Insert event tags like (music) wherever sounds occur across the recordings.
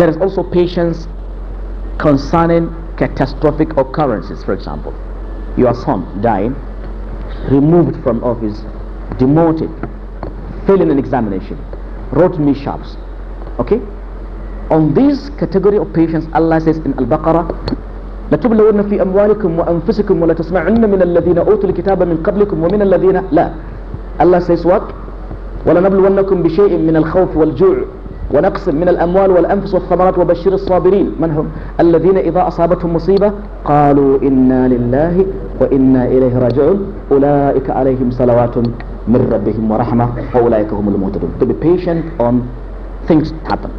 There is also patience concerning catastrophic occurrences, for example, your son dying, removed from office, demoted, failing an examination, wrote mishaps. Okay? On this category of patients, Allah says in Al-Baqarah, لتبلون في أموالكم وأنفسكم ولا تسمعن من الذين أوتوا الكتاب من قبلكم ومن الذين لا Allah says what? ولنبلونكم بشيء من الخوف والجوع ونقص من الأموال والأنفس والثمرات وبشر الصابرين من هم الذين إذا أصابتهم مصيبة قالوا إنا لله وإنا إليه راجعون أولئك عليهم صلوات من ربهم ورحمة وأولئك هم المهتدون to be patient on things happen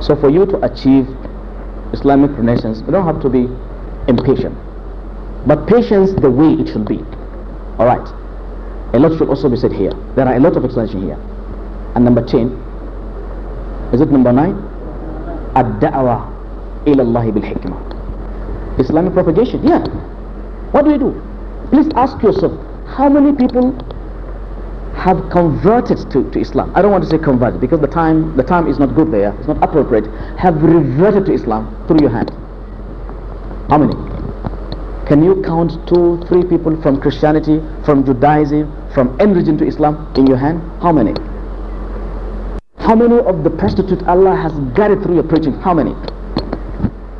so for you to achieve Islamic renaissance you don't have to be impatient but patience the way it should be alright a lot should also be said here there are a lot of explanation here and number 10 Is it number nine? Ad-da'wa ilallahi bil hikmah. Islamic propagation. Yeah. What do you do? Please ask yourself, how many people have converted to, to Islam? I don't want to say converted because the time, the time is not good there. It's not appropriate. Have reverted to Islam through your hand. How many? Can you count two, three people from Christianity, from Judaism, from any religion to Islam in your hand? How many? How many of the prostitutes Allah has guided through your preaching? How many?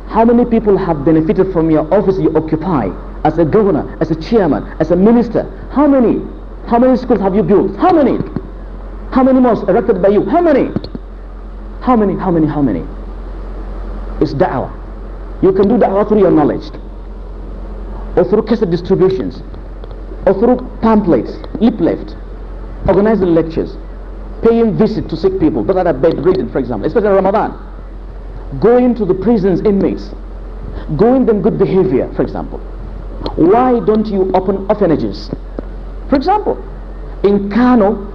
How many people have benefited from your office you occupy as a governor, as a chairman, as a minister? How many? How many schools have you built? How many? How many mosques erected by you? How many? How many? How many? How many? It's da'wah. You can do da'wah through your knowledge or through cassette distributions or through pamphlets, leaflet, organizing lectures, paying visit to sick people that are bedridden, for example, especially Ramadan. Going to the prison's inmates, going them good behavior, for example. Why don't you open orphanages? For example, in Kano,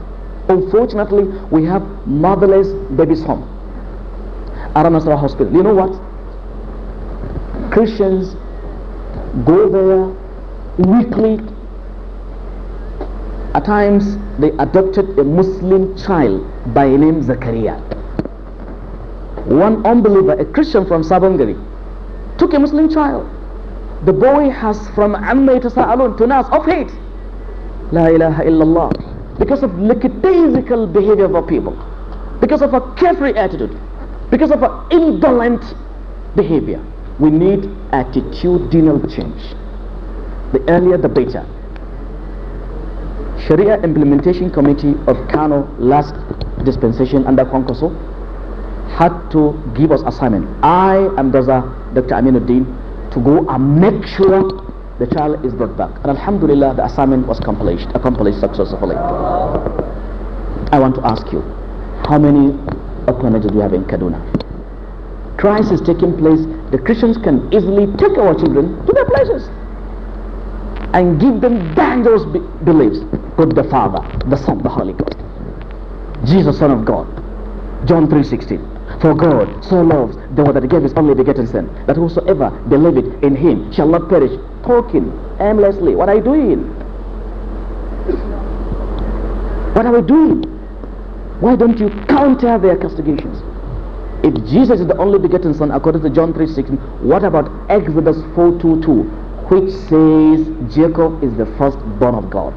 unfortunately, we have motherless babies home. Aranasara Hospital. You know what? Christians go there weekly at times they adopted a Muslim child by name Zakaria. One unbeliever, a Christian from Sabongari, took a Muslim child. The boy has from Amma Tasa'alun to Nas of hate. La ilaha illallah. Because of lackadaisical behavior of our people. Because of a carefree attitude. Because of an indolent behavior. We need attitudinal change. The earlier the better. Sharia Implementation Committee of Kano last dispensation under Konkoso had to give us assignment. I am Dr. Dr. Aminuddin to go and make sure the child is brought back. And Alhamdulillah, the assignment was accomplished, accomplished successfully. I want to ask you, how many orphanages do we have in Kaduna? Crisis taking place. The Christians can easily take our children to their places and give them dangerous be beliefs. Put the Father, the Son, the Holy Ghost. Jesus, Son of God. John 3.16 For God so loves the one that gave his only begotten Son, that whosoever believeth in him shall not perish. Talking aimlessly. What are you doing? What are we doing? Why don't you counter their castigations? If Jesus is the only begotten Son according to John 3.16, what about Exodus 4.22? which says Jacob is the firstborn of God.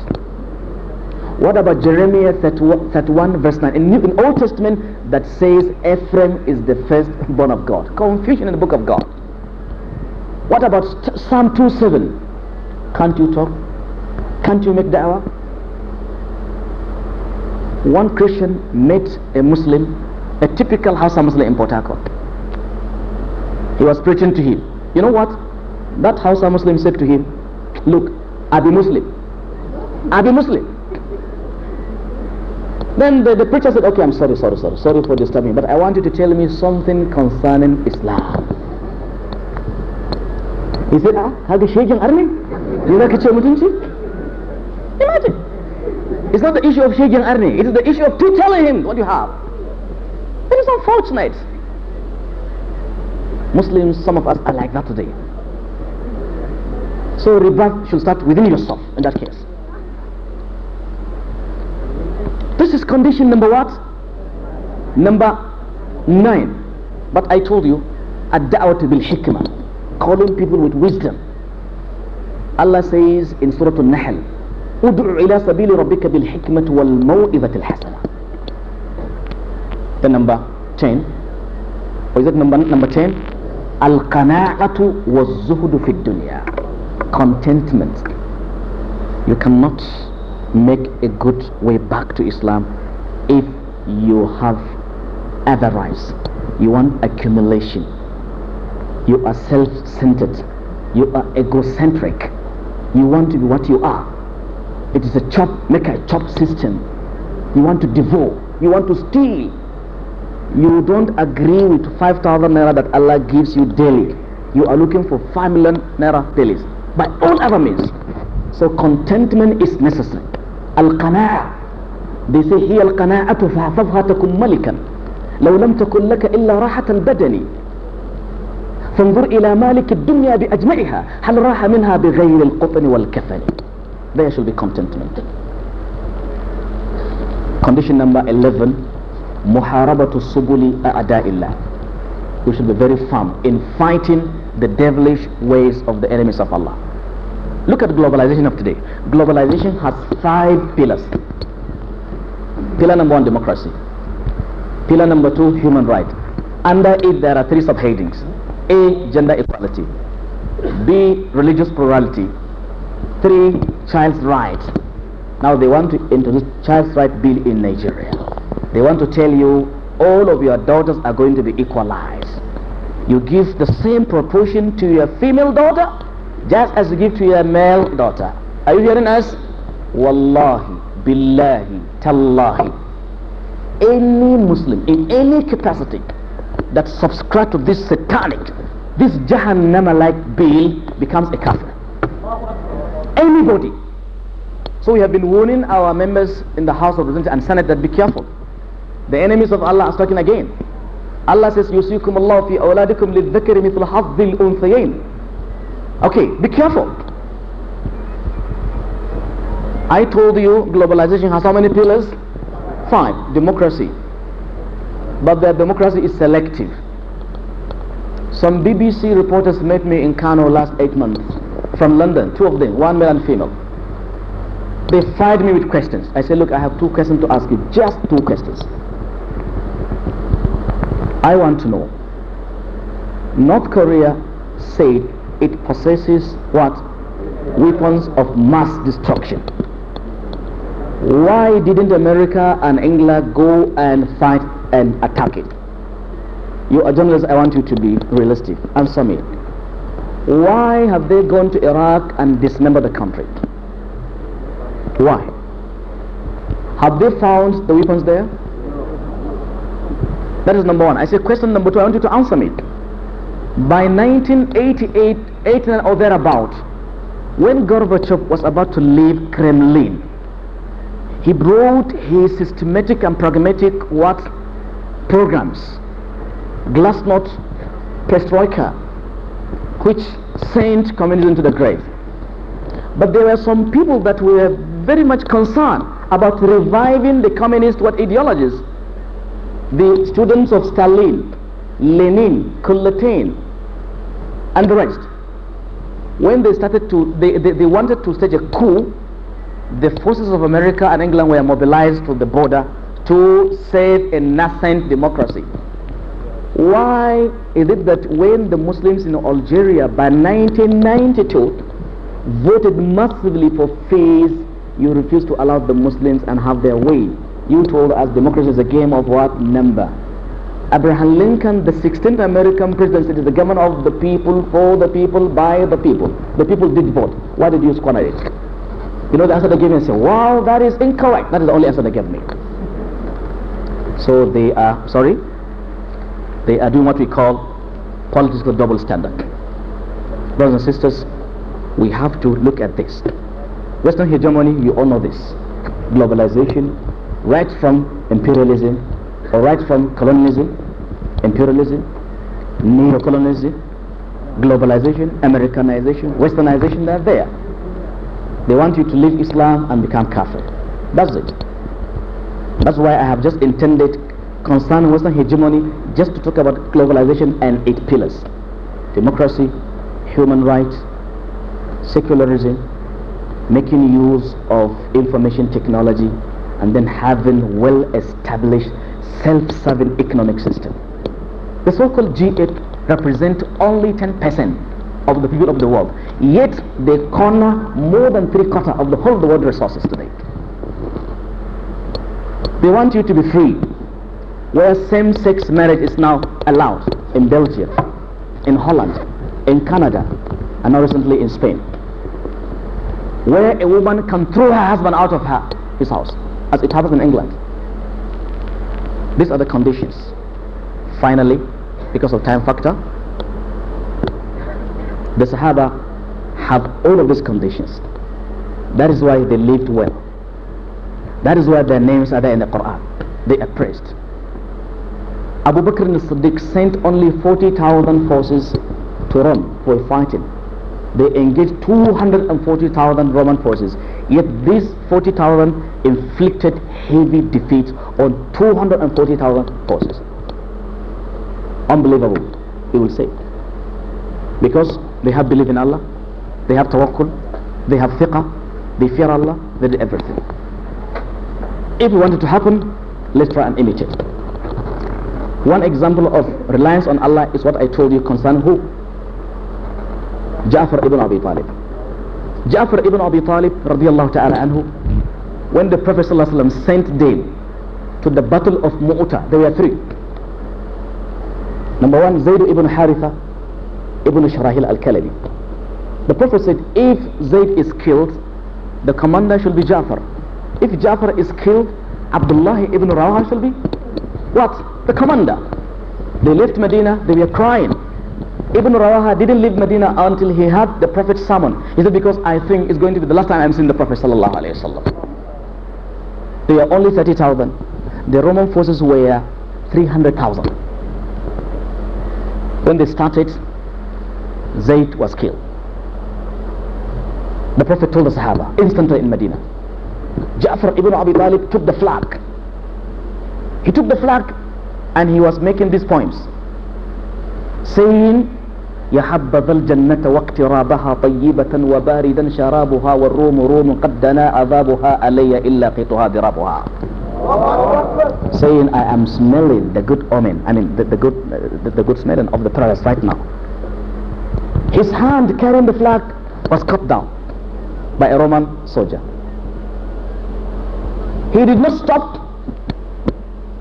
What about Jeremiah 31 verse 9 in, New, in Old Testament that says Ephraim is the firstborn of God? Confusion in the book of God. What about Psalm 27? Can't you talk? Can't you make da'wah? One Christian met a Muslim, a typical Hausa Muslim in Port Harcourt. He was preaching to him. You know what? That Hausa Muslim said to him, Look, Abi Muslim. Abi Muslim. Then the, the preacher said, Okay, I'm sorry, sorry, sorry, sorry for disturbing, but I want you to tell me something concerning Islam. He said, Ah, have you shaken Do You like a Imagine. It's not the issue of shaking Arni, it is the issue of to telling him what you have. It is unfortunate. Muslims, some of us are like that today. So rebirth should start within yourself in that case. This is condition number what? Number nine. But I told you, ad-da'watu bil hikmah, calling people with wisdom. Allah says in Surah An-Nahl, ud'u ila sabili rabbika bil hikmah wal maw'izati al hasana. The number 10, or is it number number 10? Al-qana'atu waz zuhudu fi dunya contentment. You cannot make a good way back to Islam if you have avarice. You want accumulation. You are self-centered. You are egocentric. You want to be what you are. It is a chop, make a chop system. You want to devour. You want to steal. You don't agree with 5,000 naira that Allah gives you daily. You are looking for 5 million naira daily. by all other means. So contentment is necessary. القناعة they say هي القناعة فاحفظها تكن ملكا لو لم تكن لك إلا راحة البدن فانظر إلى مالك الدنيا بأجمعها هل راح منها بغير القطن والكفن There should be contentment Condition number 11 محاربة السبل أعداء الله We should be very firm in fighting the devilish ways of the enemies of Allah. Look at globalization of today. Globalization has five pillars. Pillar number one, democracy. Pillar number two, human rights. Under it, there are three subheadings. A, gender equality. B, religious plurality. Three, child's rights. Now they want to introduce child's right bill in Nigeria. They want to tell you all of your daughters are going to be equalized you give the same proportion to your female daughter just as you give to your male daughter are you hearing us wallahi billahi tallahi any muslim in any capacity that subscribes to this satanic this jahannama like bill becomes a kafir anybody so we have been warning our members in the house of representatives and senate that be careful the enemies of allah are talking again Allah says, يسيكم الله في أولادكم للذكر مثل حظ الأنثيين. Okay, be careful. I told you globalization has how many pillars? Five. Democracy. But their democracy is selective. Some BBC reporters met me in Kano last eight months from London, two of them, one male and female. They fired me with questions. I said, look, I have two questions to ask you, just two questions. I want to know. North Korea said it possesses what? Weapons of mass destruction. Why didn't America and England go and fight and attack it? You are journalists, I want you to be realistic. Answer me. Why have they gone to Iraq and dismembered the country? Why? Have they found the weapons there? That is number one. I say question number two. I want you to answer me. By 1988, 89 or thereabout, when Gorbachev was about to leave Kremlin, he brought his systematic and pragmatic what programs, glasnost, perestroika, which sent communism to the grave. But there were some people that were very much concerned about reviving the communist what ideologies the students of Stalin, Lenin, Kullatin, and the rest, when they started to, they, they, they wanted to stage a coup, the forces of America and England were mobilized to the border to save a nascent democracy. Why is it that when the Muslims in Algeria by 1992 voted massively for peace, you refuse to allow the Muslims and have their way? You told us democracy is a game of what? Number. Abraham Lincoln, the 16th American president, said it is the government of the people, for the people, by the people. The people did vote. Why did you squander it? You know the answer they gave me and say, wow, that is incorrect. That is the only answer they gave me. So they are, sorry, they are doing what we call political double standard. Brothers and sisters, we have to look at this. Western hegemony, you all know this. Globalization, right from imperialism or right from colonialism, imperialism, neocolonialism, globalization, Americanization, westernization, they're there. They want you to leave Islam and become Kafir. That's it. That's why I have just intended concerning Western hegemony just to talk about globalization and its pillars. Democracy, human rights, secularism, making use of information technology, and then having well-established self-serving economic system. The so-called G8 represent only 10% of the people of the world, yet they corner more than three quarter of the whole of the world resources today. They want you to be free, where same-sex marriage is now allowed in Belgium, in Holland, in Canada, and now recently in Spain, where a woman can throw her husband out of her, his house as it happens in England. These are the conditions. Finally, because of time factor, the Sahaba have all of these conditions. That is why they lived well. That is why their names are there in the Quran. They are praised. Abu Bakr al-Siddiq sent only 40,000 forces to Rome for fighting. They engaged 240,000 Roman forces. Yet these 40,000 inflicted heavy defeats on 230,000 forces. Unbelievable, you will say. Because they have belief in Allah, they have tawakkul, they have fiqh, they fear Allah, they do everything. If we want it to happen, let's try and imitate. One example of reliance on Allah is what I told you concerning who? Ja'far ibn Abi Talib. Ja'far ibn Abi Talib radiallahu ta'ala anhu, when the Prophet ﷺ sent them to the battle of Mu'ta, there were three. Number one, Zayd ibn Haritha ibn Sharahil al-Kalabi. The Prophet said, if Zayd is killed, the commander shall be Ja'far. If Ja'far is killed, Abdullah ibn Rawah shall be what? The commander. They left Medina, they were crying. Ibn Rawaha didn't leave Medina until he heard the Prophet's sermon. He said, because I think it's going to be the last time I'm seeing the Prophet sallallahu alayhi wasallam. They are only 30,000. The Roman forces were 300,000. When they started, Zayd was killed. The Prophet told the Sahaba instantly in Medina. Ja'far ibn Abi Talib took the flag. He took the flag and he was making these poems saying يا حبذا الجنة واقترابها طيبة وباردا شرابها والروم روم قد دنا عذابها علي إلا قطها ذرابها saying I am smelling the good omen I mean the, the good uh, the, the good smelling of the palace right now his hand carrying the flag was cut down by a Roman soldier he did not stop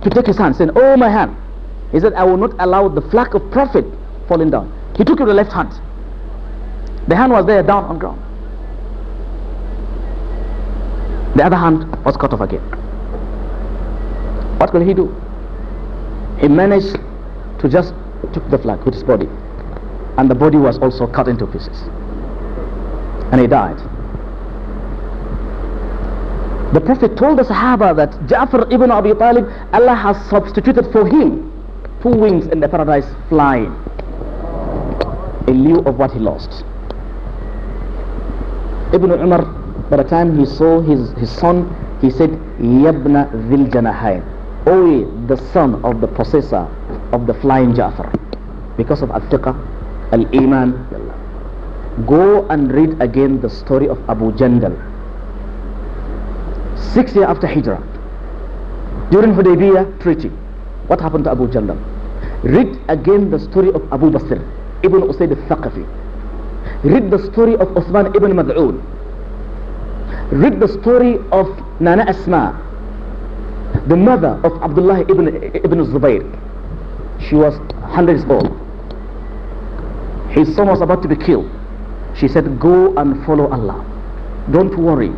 to take his hand saying oh my hand he said I will not allow the flag of prophet falling down He took it with the left hand. The hand was there down on ground. The other hand was cut off again. What could he do? He managed to just took the flag with his body. And the body was also cut into pieces. And he died. The Prophet told the Sahaba that Ja'far ibn Abi Talib, Allah has substituted for him two wings in the paradise flying in lieu of what he lost. Ibn Umar, by the time he saw his, his son, he said, Yabna Dhil Janahayn, O oh, the son of the possessor of the flying Ja'far, because of al Al-Iman. Go and read again the story of Abu Jandal. Six years after Hijrah, during Hudaybiyah treaty, what happened to Abu Jandal? Read again the story of Abu Basir. Ibn Usaid al-Thaqafi. Read the story of Uthman ibn Mad'un. Read the story of Nana Asma, the mother of Abdullah ibn, ibn Zubayr. She was 100 years old. His son was about to be killed. She said, go and follow Allah. Don't worry.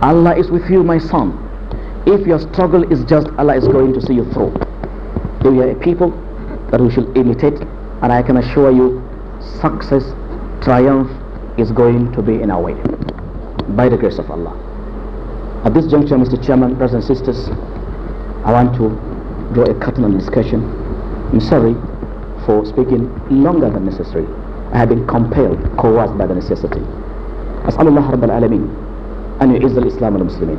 Allah is with you, my son. If your struggle is just, Allah is going to see you through. They are a people that we should imitate and I can assure you success, triumph is going to be in our way by the grace of Allah. At this juncture, Mr. Chairman, brothers and sisters, I want to draw a curtain on the discussion. I'm sorry for speaking longer than necessary. I have been compelled, coerced by the necessity. أسأل الله رب العالمين أن يعز الإسلام والمسلمين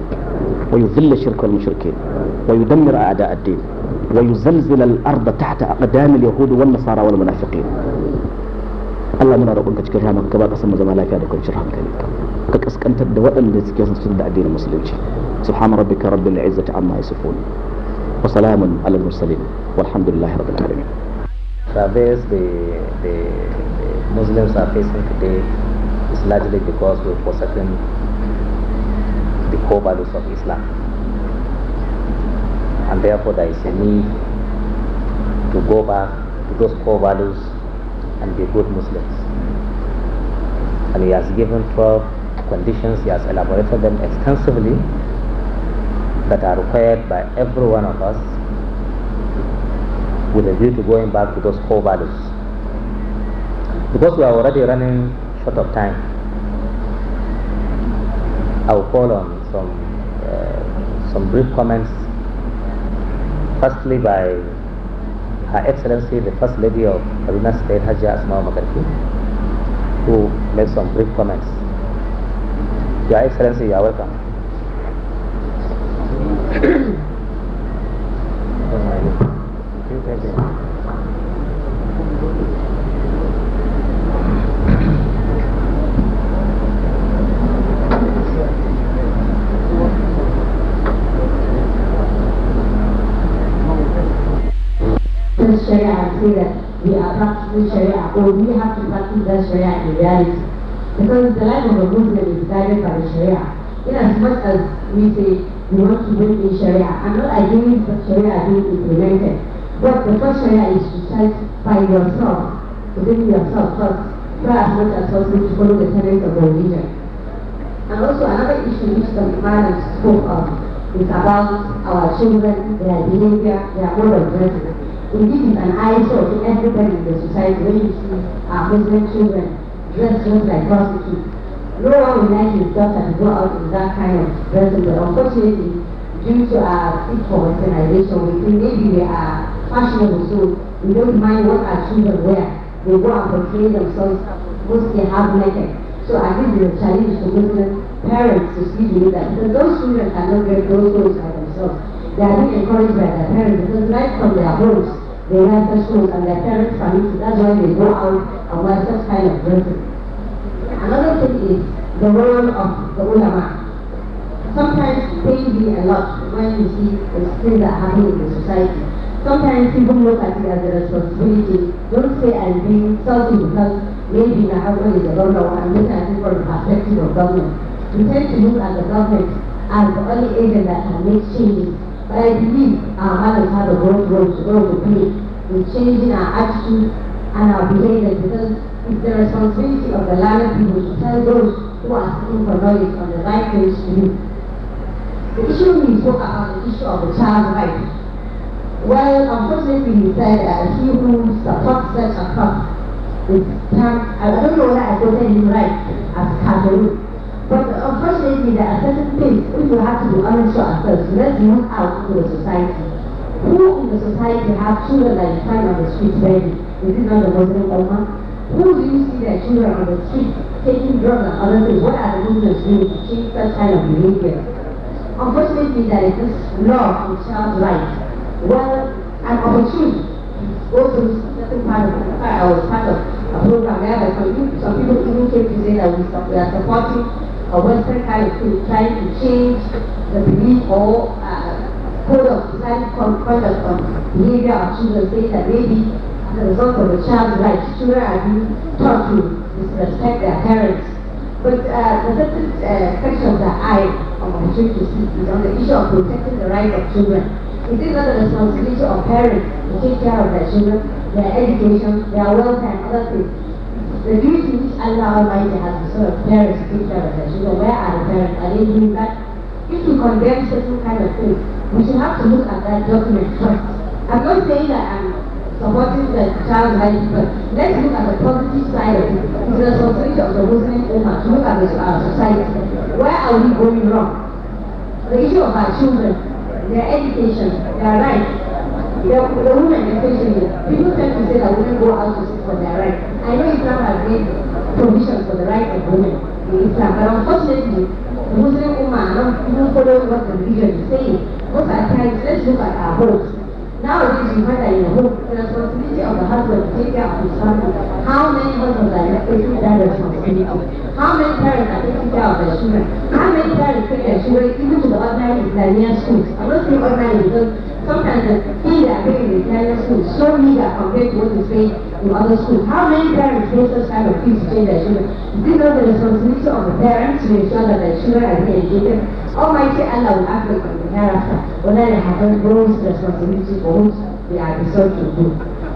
ويذل الشرك والمشركين ويدمر أعداء الدين ويزلزل الأرض تحت أقدام اليهود والنصارى والمنافقين الله من roƙonka cikin rahamar ka ba زمان mu zama lafiya da kwanciyar hankali ka kaskantar da waɗanda suke son sun da addinin musulunci subhana rabbika rabbil izzati amma yasifun wa salamun alal the, the, the Muslims are facing today is largely because we're forsaken the core values of Islam. and therefore there is a need to go back to those core values and be good Muslims. And he has given 12 conditions, he has elaborated them extensively that are required by every one of us with a view to going back to those core values. Because we are already running short of time, I will call on some, uh, some brief comments firstly by Her Excellency the First Lady of Kaduna State Hajia Asma Makarki who made some brief comments. Your Excellency, you are welcome. (coughs) (coughs) (coughs) say that we are practicing Sharia or we have to practice that Sharia in reality. Because the life of a Muslim is guided by the Sharia. In as much as we say we want to bring in Sharia, I'm not against that Sharia being implemented. But the first Sharia is to start by yourself, within yourself first, try as much as possible to follow the tenets of the religion. And also another issue which the Imam spoke of is about our children, their behavior, their mode of dressing. Indeed, it's an eyesore to everybody in the society when you see our Muslim children dressed just like prostitutes. No one would like his daughter to go out in that kind of dressing, but unfortunately, due to our fit for westernization, we think maybe they are fashionable, so we don't mind what our children wear. They go and portray themselves mostly half naked. So I think it's a challenge to Muslim parents to see you that because those children cannot get those clothes by themselves. They are being encouraged by their parents because right from their homes they have the schools and their parents' families, that's why they go out and wear such kind of dresses. Another thing is the role of the ulama. Sometimes pains me a lot when you see the things that happen in the society. Sometimes people look at it as a responsibility. Don't say I'm being selfish because maybe the husband is a donor and look at it from the perspective of government. We tend to look at the government as the only agent that can make changes but I believe our mothers have a great role to, to play in changing our attitudes and our behaviors because it's the responsibility of the learned people to tell those who are seeking for knowledge on the right things to do. The issue we spoke about, the issue of the child's rights. Well, unfortunately, we said that he who supports such a cause is termed, I don't know whether I am him right, as Catholic. But unfortunately, there are certain things if we have to do honest to ourselves, let's move out into the society. Who in the society have children that you find on the streets? begging? Is it not the Muslim woman? Who do you see their children on the streets taking drugs and other things? What are the Muslims doing to change such kind of behavior? Unfortunately, there is this law on child rights. Well, an opportunity go to certain part of the I was part of a program where some people, some people even came to say that we are supporting a Western countries trying to change the belief or uh, code of society conduct of behavior of children, saying that maybe as a result of the child's rights, children are being taught to disrespect their parents. But uh, the second uh, section that I am going to speak is on the issue of protecting the rights of children. It is not the responsibility of parents to take care of their children, their education, their welfare, and other things. The refusing which Allah Almighty has reserved parents to parents, as you know, where are the parents? Are they doing that? If you condemn certain kind of things, we should have to look at that document first. I'm not saying that I'm supporting the child marriage, but let's look at the positive side of it. It's the responsibility of the Muslim woman to look at this, our uh, society. Where are we going wrong? The issue of our children, their education, their rights, the, the women especially, people tend to say that women go out to seek for their right. I know Islam has made provision for the right of women in Islam, but unfortunately, Muslim women are not even following what the religion is saying. Most of the times, let's look at our homes. Nowadays, you find that in a home, the responsibility of the husband to take care of his family. How many husbands are taking that responsibility? How many parents are taking care of their children? How many parents take their children even to the ordinary Islamic schools? I'm not saying ordinary because sometimes the thing they are in us is so meager compared to what is in other schools. How many parents pay such kind of things to change their children? Is it not the responsibility of the parents to ensure that their children are being educated? Almighty Allah will act upon the hereafter whether they have those responsibility for which they are resolved to do.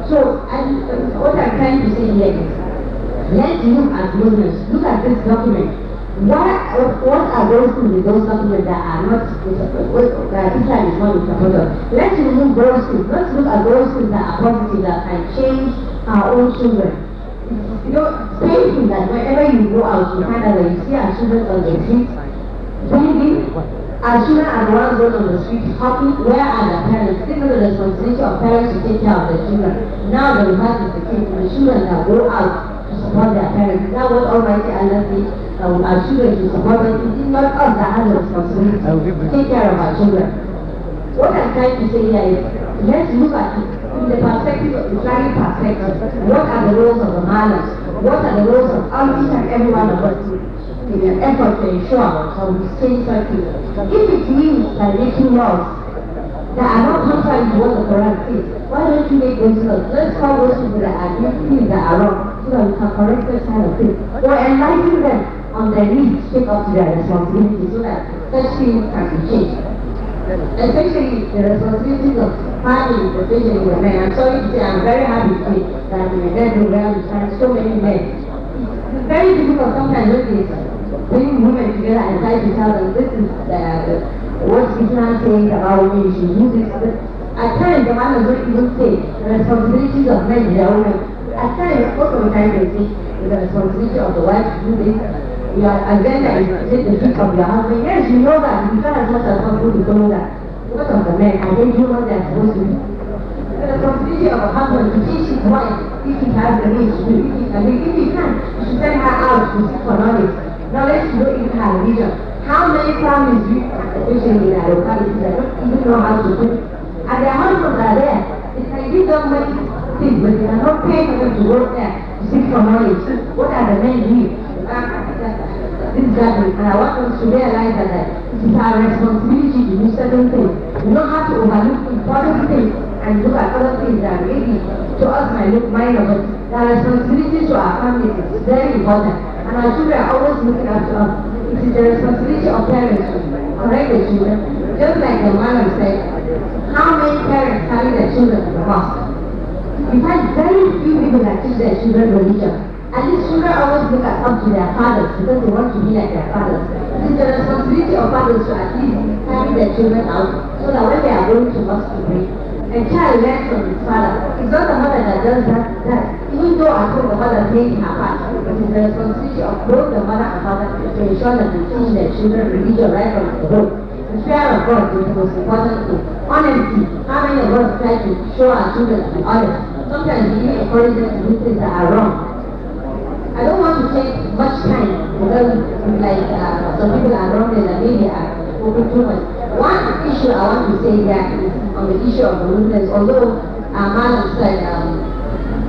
So, and uh, what I'm trying to say here is, let you as Muslims look at this document what, what are those things we don't that are not what, that Islam is not in support Let's remove those things. Let's look at those things that are positive that can change our own children. You know, same thing that whenever you go out, you Canada, you see our children on the street, bathing, our children are the ones going on the street happy. Where are the parents? Think of the responsibility of parents to take care of the children. Now the reverse is the case. The children that go out support their parents. Now what Almighty Allah says, uh, our children to support them, it is not us that has the responsibility to take care of our children. What I'm trying to say here is, let's look at it in the perspective of Islamic perspective. What are the roles of the malas? What are the roles of all each and every one of us? In an effort to ensure some safe circuit. If it means by making laws that are not contrary to what the Quran says, why don't you make those laws? Let's call those people that are doing that are wrong students correct corrected kind of thing, or enlighten them on their need to take up their responsibility so that such things can be changed. Especially the responsibilities of family, especially the men. I'm sorry to say I'm very happy to say that in are bedroom well. we find so many men. It's very difficult sometimes when we bring women together and try to tell them this is the, the what Islam says about women, you should do this. But at times the man doesn't even say the responsibilities of men, their women assign a photo integrity with the responsibility of the wife to do this. Your agenda is to take the heat of your husband. Yes, you know that. You try as much as possible to know that. What of the men? Are they human? They are supposed to be. The responsibility of a husband to teach his wife if he has the means to do it. And if he can, he should send her out to seek for knowledge. let's go in her religion. How many families do you have in our localities that don't even know how to cook? And they are pay for them to work that, to seek for money, what are the men This gathering, and I want them to realize that it is our responsibility to do certain things. We don't have to overlook important things and look at other things that maybe to us might look minor, but the responsibility to our family is very important. And our children are always looking after us. Um, it is the responsibility of parents to correct the children. Just like the man said, how many parents carry their children to the mosque? We had very few people actually their children were leaders. And these children always look up to their fathers because they want to be like their fathers. It is the responsibility of fathers to at least carry their children out so that when they are going to mosque to pray, a child learns from his father. It's not the mother that does that, that. Even though I told the mother playing her part, it is the responsibility of both the mother and father to ensure that they teach their children religion right from the home. The fear of God is the most important thing. Honesty. How many of us try to show our children to be honest? sometimes we make choices and do things that are wrong. I don't want to take much time because like uh, some people are wrong in the media talking too much. One issue I want to say that is on the issue of Muslims. although uh, Madam said um,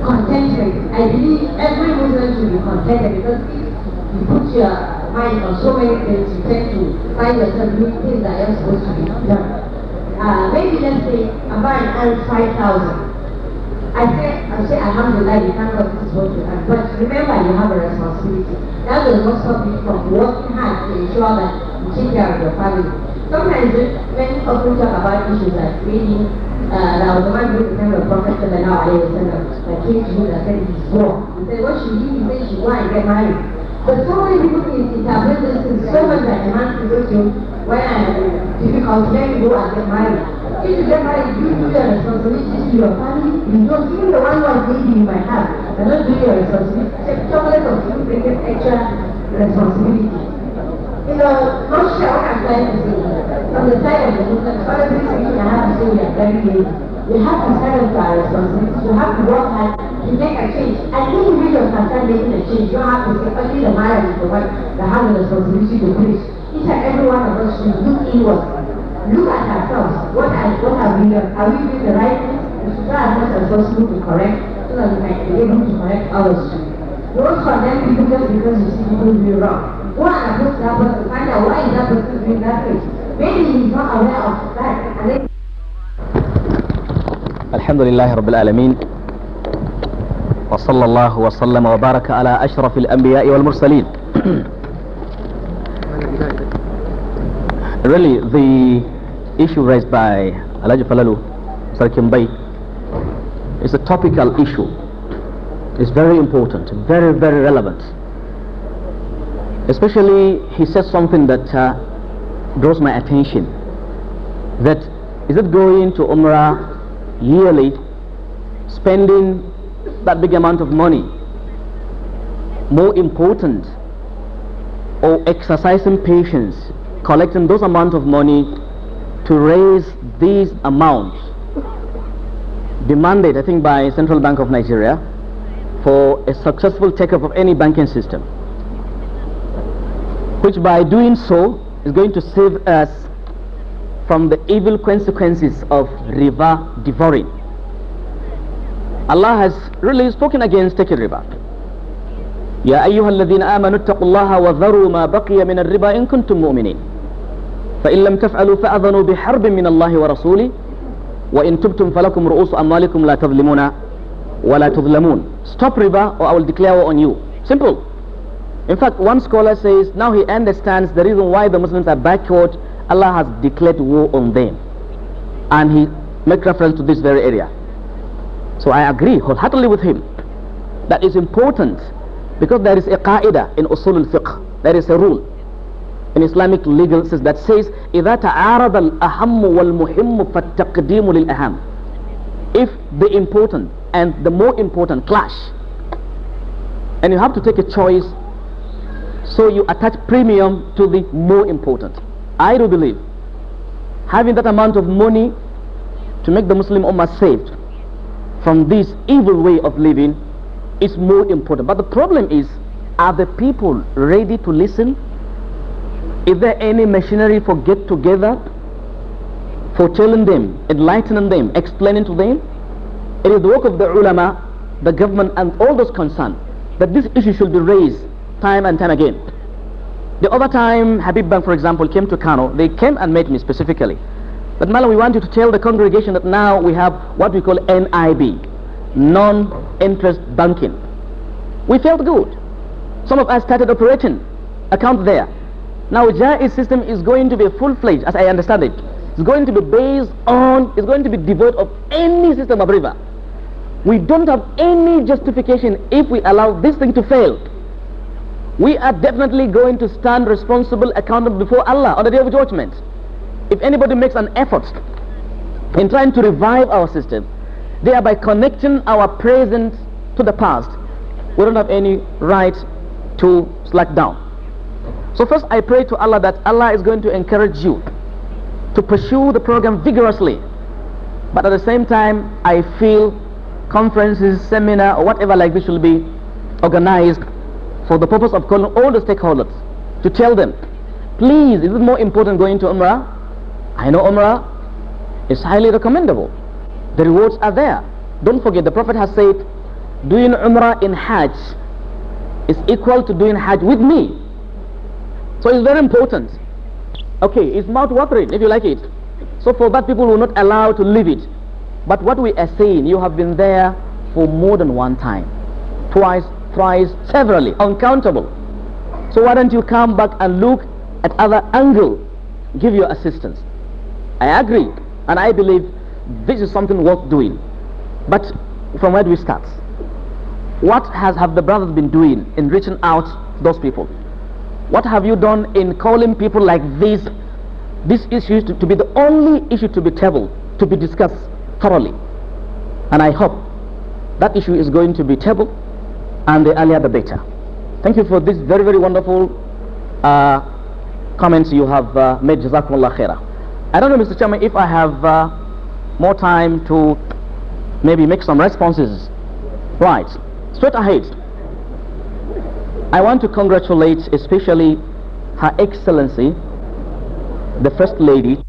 contented, I believe every Muslim should be contented because if you put your mind on so many things, you tend to find yourself doing things that are supposed to be done. Uh, maybe let's say I'm buying 5,000 I say, I say, Alhamdulillah, you thank God this is what you have. But remember, you have a responsibility. That does not stop you from working hard to ensure that you take care of your family. Sometimes when people talk about issues like reading, uh, that was the one who became of Prophet Sallallahu Alaihi Wasallam that came to him and said he's poor. He said, what should he do? He said, she go and get married. But so many people in interpret this thing so much that a man is okay when I am difficult, then you go and get married. If you get married, you do your responsibility to your family. You don't, even the one who has baby you might have, they are not doing your responsibility. Chocolate or food brings extra responsibility. You know, not sure what I'm trying to say. From the side of the Muslim, all the things we have to say, we very lazy you have to stand for our responsibilities, you have to work hard to make a change. And when you really understand making a change, you have to say only the man is the one that has the responsibility to preach. Each and every one of us should look inward. Look at ourselves. What are, what are we doing? Are we doing the right thing? We should try as much as possible to correct so that we might be able to correct others too. Don't condemn people just because you see people doing wrong. Go and approach that person, find out why is that person doing that thing. Maybe he's not aware of that. and then. الحمد لله رب العالمين وصلى الله وسلم وبارك على أشرف الأنبياء والمرسلين Really, the issue raised by Alaji Falalu, Sarkim Bay, is a topical issue. It's very important, very, very relevant. Especially, he said something that uh, draws my attention. That is it going to Umrah yearly spending that big amount of money more important or exercising patience collecting those amount of money to raise these amounts demanded I think by Central Bank of Nigeria for a successful take-up of any banking system which by doing so is going to save us from the evil consequences of river devouring. Allah has really spoken against taking riba. يا أيها الذين آمنوا اتقوا الله وذروا ما بقي من الربا إن كنتم مؤمنين فإن لم تفعلوا فأذنوا بحرب من الله ورسوله وإن تبتم فلكم رؤوس أموالكم لا تظلمون ولا تظلمون Stop riba or I will declare war on you. Simple. In fact, one scholar says now he understands the reason why the Muslims are backward Allah has declared war on them. And he make reference to this very area. So I agree wholeheartedly with him. That is important because there is a qaida in usul al-fiqh. There is a rule in Islamic legal system that says إذا تعارض الأهم والمهم فالتقديم للأهم If the important and the more important clash and you have to take a choice so you attach premium to the more important I do believe having that amount of money to make the Muslim Ummah saved from this evil way of living is more important. But the problem is, are the people ready to listen? Is there any machinery for get together, for telling them, enlightening them, explaining to them? It is the work of the ulama, the government and all those concerned that this issue should be raised time and time again. The other time Habib Bank, for example, came to Kano, they came and met me specifically. But Mala, we want you to tell the congregation that now we have what we call NIB, non-interest banking. We felt good. Some of us started operating account there. Now Jai's system is going to be full-fledged, as I understand it. It's going to be based on, it's going to be devoid of any system of river. We don't have any justification if we allow this thing to fail we are definitely going to stand responsible, accountable before Allah on the day of judgment. If anybody makes an effort in trying to revive our system, thereby connecting our present to the past, we don't have any right to slack down. So first I pray to Allah that Allah is going to encourage you to pursue the program vigorously. But at the same time, I feel conferences, seminar, or whatever like this will be organized for the purpose of calling all the stakeholders to tell them, please, is it more important going to Umrah? I know Umrah is highly recommendable. The rewards are there. Don't forget, the Prophet has said, doing Umrah in Hajj is equal to doing Hajj with me. So it's very important. Okay, it's mouth watering if you like it. So for that, people will not allow to leave it. But what we are saying, you have been there for more than one time, twice, thrice, severally, uncountable. So why don't you come back and look at other angle, give your assistance. I agree, and I believe this is something worth doing. But from where do we start? What has have the brothers been doing in reaching out those people? What have you done in calling people like these, this issue to, to be the only issue to be tabled, to be discussed thoroughly? And I hope that issue is going to be tabled and the earlier the better. Thank you for this very, very wonderful uh, comments you have uh, made. Jazakumullah khairah. I don't know, Mr. Chairman, if I have uh, more time to maybe make some responses. Right, straight ahead. I want to congratulate especially Her Excellency, the First Lady.